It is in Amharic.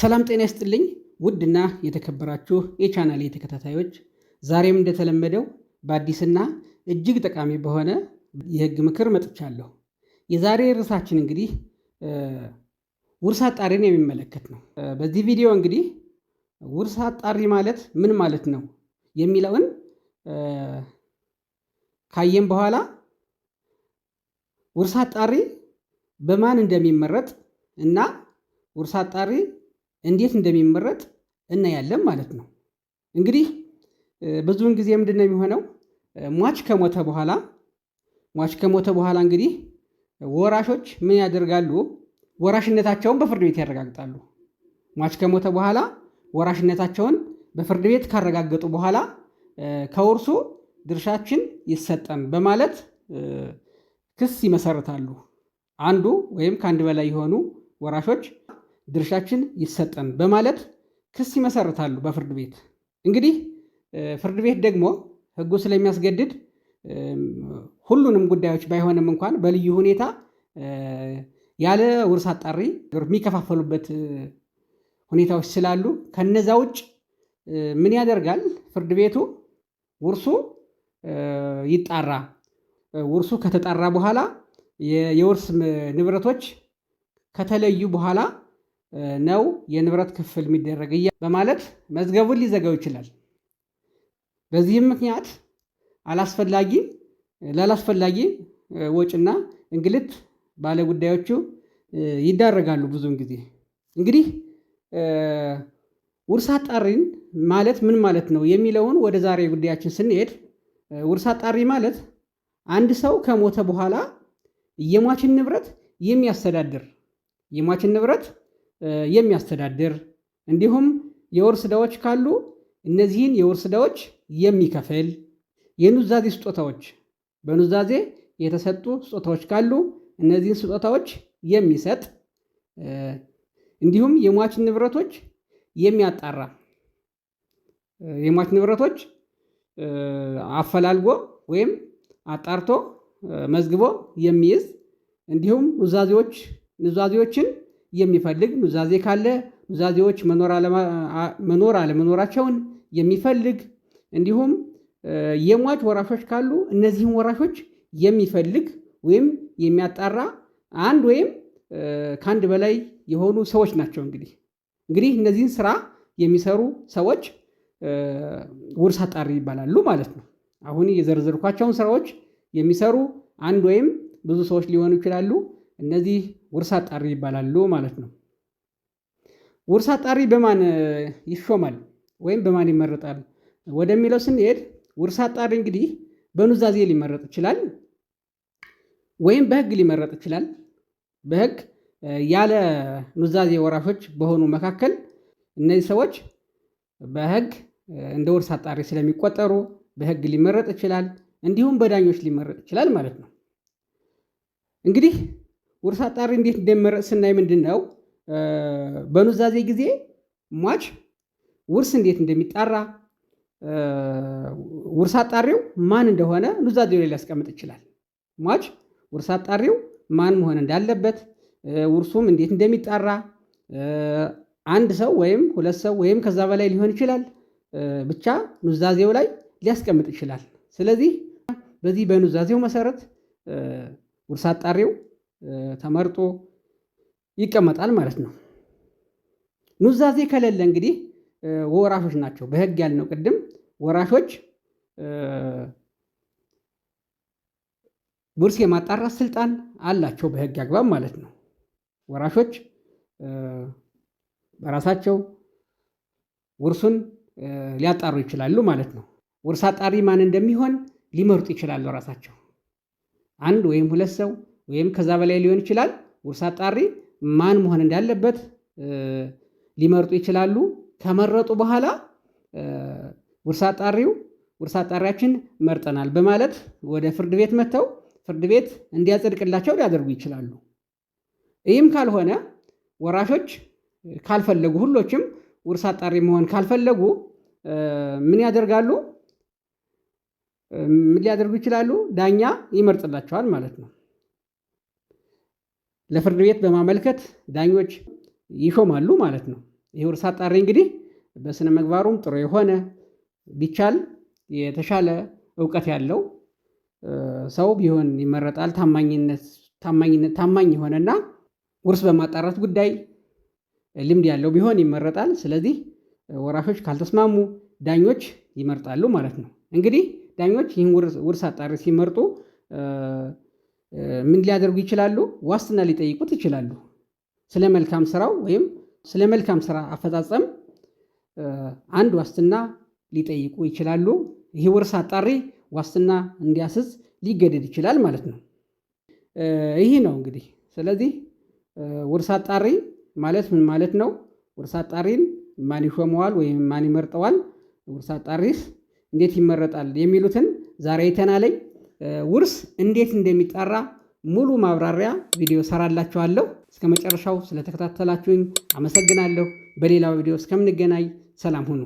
ሰላም ጤና ይስጥልኝ ውድና የተከበራችሁ የቻናል ተከታታዮች፣ ዛሬም እንደተለመደው በአዲስና እጅግ ጠቃሚ በሆነ የህግ ምክር መጥቻለሁ። የዛሬ ርዕሳችን እንግዲህ ውርስ አጣሪን የሚመለከት ነው። በዚህ ቪዲዮ እንግዲህ ውርስ አጣሪ ማለት ምን ማለት ነው የሚለውን ካየም በኋላ ውርስ አጣሪ በማን እንደሚመረጥ እና ውርስ አጣሪ እንዴት እንደሚመረጥ እናያለን ማለት ነው። እንግዲህ ብዙውን ጊዜ ምንድን ነው የሚሆነው? ሟች ከሞተ በኋላ ሟች ከሞተ በኋላ እንግዲህ ወራሾች ምን ያደርጋሉ? ወራሽነታቸውን በፍርድ ቤት ያረጋግጣሉ። ሟች ከሞተ በኋላ ወራሽነታቸውን በፍርድ ቤት ካረጋገጡ በኋላ ከውርሱ ድርሻችን ይሰጠን በማለት ክስ ይመሰርታሉ። አንዱ ወይም ከአንድ በላይ የሆኑ ወራሾች ድርሻችን ይሰጠን በማለት ክስ ይመሰርታሉ በፍርድ ቤት። እንግዲህ ፍርድ ቤት ደግሞ ህጉ ስለሚያስገድድ ሁሉንም ጉዳዮች ባይሆንም እንኳን በልዩ ሁኔታ ያለ ውርስ አጣሪ የሚከፋፈሉበት ሁኔታዎች ስላሉ ከነዛ ውጭ ምን ያደርጋል ፍርድ ቤቱ? ውርሱ ይጣራ። ውርሱ ከተጣራ በኋላ የውርስ ንብረቶች ከተለዩ በኋላ ነው የንብረት ክፍል የሚደረግ በማለት መዝገቡን ሊዘጋው ይችላል። በዚህም ምክንያት አላስፈላጊ ላላስፈላጊ ወጭና እንግልት ባለጉዳዮቹ ይዳረጋሉ። ብዙውን ጊዜ እንግዲህ ውርስ አጣሪን ማለት ምን ማለት ነው የሚለውን ወደ ዛሬ ጉዳያችን ስንሄድ ውርስ አጣሪ ማለት አንድ ሰው ከሞተ በኋላ የሟችን ንብረት የሚያስተዳድር የሟችን ንብረት የሚያስተዳድር እንዲሁም የውርስ ዕዳዎች ካሉ እነዚህን የውርስ ዕዳዎች የሚከፍል የኑዛዜ ስጦታዎች በኑዛዜ የተሰጡ ስጦታዎች ካሉ እነዚህን ስጦታዎች የሚሰጥ እንዲሁም የሟችን ንብረቶች የሚያጣራ የሟች ንብረቶች አፈላልጎ ወይም አጣርቶ መዝግቦ የሚይዝ እንዲሁም ኑዛዜዎች ኑዛዜዎችን የሚፈልግ ኑዛዜ ካለ ኑዛዜዎች መኖር አለመኖራቸውን የሚፈልግ እንዲሁም የሟች ወራሾች ካሉ እነዚህን ወራሾች የሚፈልግ ወይም የሚያጣራ አንድ ወይም ከአንድ በላይ የሆኑ ሰዎች ናቸው። እንግዲህ እንግዲህ እነዚህን ስራ የሚሰሩ ሰዎች ውርስ አጣሪ ይባላሉ ማለት ነው። አሁን የዘረዘርኳቸውን ስራዎች የሚሰሩ አንድ ወይም ብዙ ሰዎች ሊሆኑ ይችላሉ። እነዚህ ውርስ አጣሪ ይባላሉ ማለት ነው። ውርስ አጣሪ በማን ይሾማል ወይም በማን ይመረጣል ወደሚለው ስንሄድ ውርስ አጣሪ እንግዲህ በኑዛዜ ሊመረጥ ይችላል ወይም በህግ ሊመረጥ ይችላል። በህግ ያለ ኑዛዜ ወራሾች በሆኑ መካከል እነዚህ ሰዎች በህግ እንደ ውርስ አጣሪ ስለሚቆጠሩ በህግ ሊመረጥ ይችላል። እንዲሁም በዳኞች ሊመረጥ ይችላል ማለት ነው እንግዲህ ውርስ አጣሪ እንዴት እንደሚመረጥ ስናይ ምንድን ነው በኑዛዜ ጊዜ ሟች ውርስ እንዴት እንደሚጣራ ውርስ አጣሪው ማን እንደሆነ ኑዛዜው ላይ ሊያስቀምጥ ይችላል። ሟች ውርስ አጣሪው ማን መሆን እንዳለበት ውርሱም እንዴት እንደሚጣራ አንድ ሰው ወይም ሁለት ሰው ወይም ከዛ በላይ ሊሆን ይችላል። ብቻ ኑዛዜው ላይ ሊያስቀምጥ ይችላል። ስለዚህ በዚህ በኑዛዜው መሰረት ውርስ አጣሪው ተመርጦ ይቀመጣል ማለት ነው። ኑዛዜ ከሌለ እንግዲህ ወራሾች ናቸው። በህግ ያልነው ቅድም ወራሾች ውርስ የማጣራት ስልጣን አላቸው በህግ አግባብ ማለት ነው። ወራሾች በራሳቸው ውርሱን ሊያጣሩ ይችላሉ ማለት ነው። ውርስ አጣሪ ማን እንደሚሆን ሊመርጡ ይችላሉ ራሳቸው አንድ ወይም ሁለት ሰው ወይም ከዛ በላይ ሊሆን ይችላል። ውርስ አጣሪ ማን መሆን እንዳለበት ሊመርጡ ይችላሉ። ከመረጡ በኋላ ውርስ አጣሪው ውርስ አጣሪያችን መርጠናል በማለት ወደ ፍርድ ቤት መጥተው ፍርድ ቤት እንዲያጸድቅላቸው ሊያደርጉ ይችላሉ። ይህም ካልሆነ ወራሾች ካልፈለጉ ሁሎችም ውርስ አጣሪ መሆን ካልፈለጉ ምን ያደርጋሉ? ምን ሊያደርጉ ይችላሉ? ዳኛ ይመርጥላቸዋል ማለት ነው። ለፍርድ ቤት በማመልከት ዳኞች ይሾማሉ ማለት ነው። ይህ ውርስ አጣሪ እንግዲህ በስነ ምግባሩም ጥሩ የሆነ ቢቻል የተሻለ እውቀት ያለው ሰው ቢሆን ይመረጣል። ታማኝነት ታማኝ የሆነና ውርስ በማጣራት ጉዳይ ልምድ ያለው ቢሆን ይመረጣል። ስለዚህ ወራሾች ካልተስማሙ ዳኞች ይመርጣሉ ማለት ነው። እንግዲህ ዳኞች ይህን ውርስ አጣሪ ሲመርጡ ምን ሊያደርጉ ይችላሉ? ዋስትና ሊጠይቁት ይችላሉ። ስለ መልካም ስራው ወይም ስለ መልካም ስራ አፈጻጸም አንድ ዋስትና ሊጠይቁ ይችላሉ። ይህ ውርስ አጣሪ ዋስትና እንዲያስዝ ሊገደድ ይችላል ማለት ነው። ይህ ነው እንግዲህ። ስለዚህ ውርስ አጣሪ ማለት ምን ማለት ነው? ውርስ አጣሪን ማን ይሾመዋል ወይም ማን ይመርጠዋል? ውርስ አጣሪስ እንዴት ይመረጣል? የሚሉትን ዛሬ አይተናለኝ። ውርስ እንዴት እንደሚጠራ ሙሉ ማብራሪያ ቪዲዮ ሰራላችኋለሁ። እስከ መጨረሻው ስለተከታተላችሁኝ አመሰግናለሁ። በሌላው ቪዲዮ እስከምንገናኝ ሰላም ሁኑ።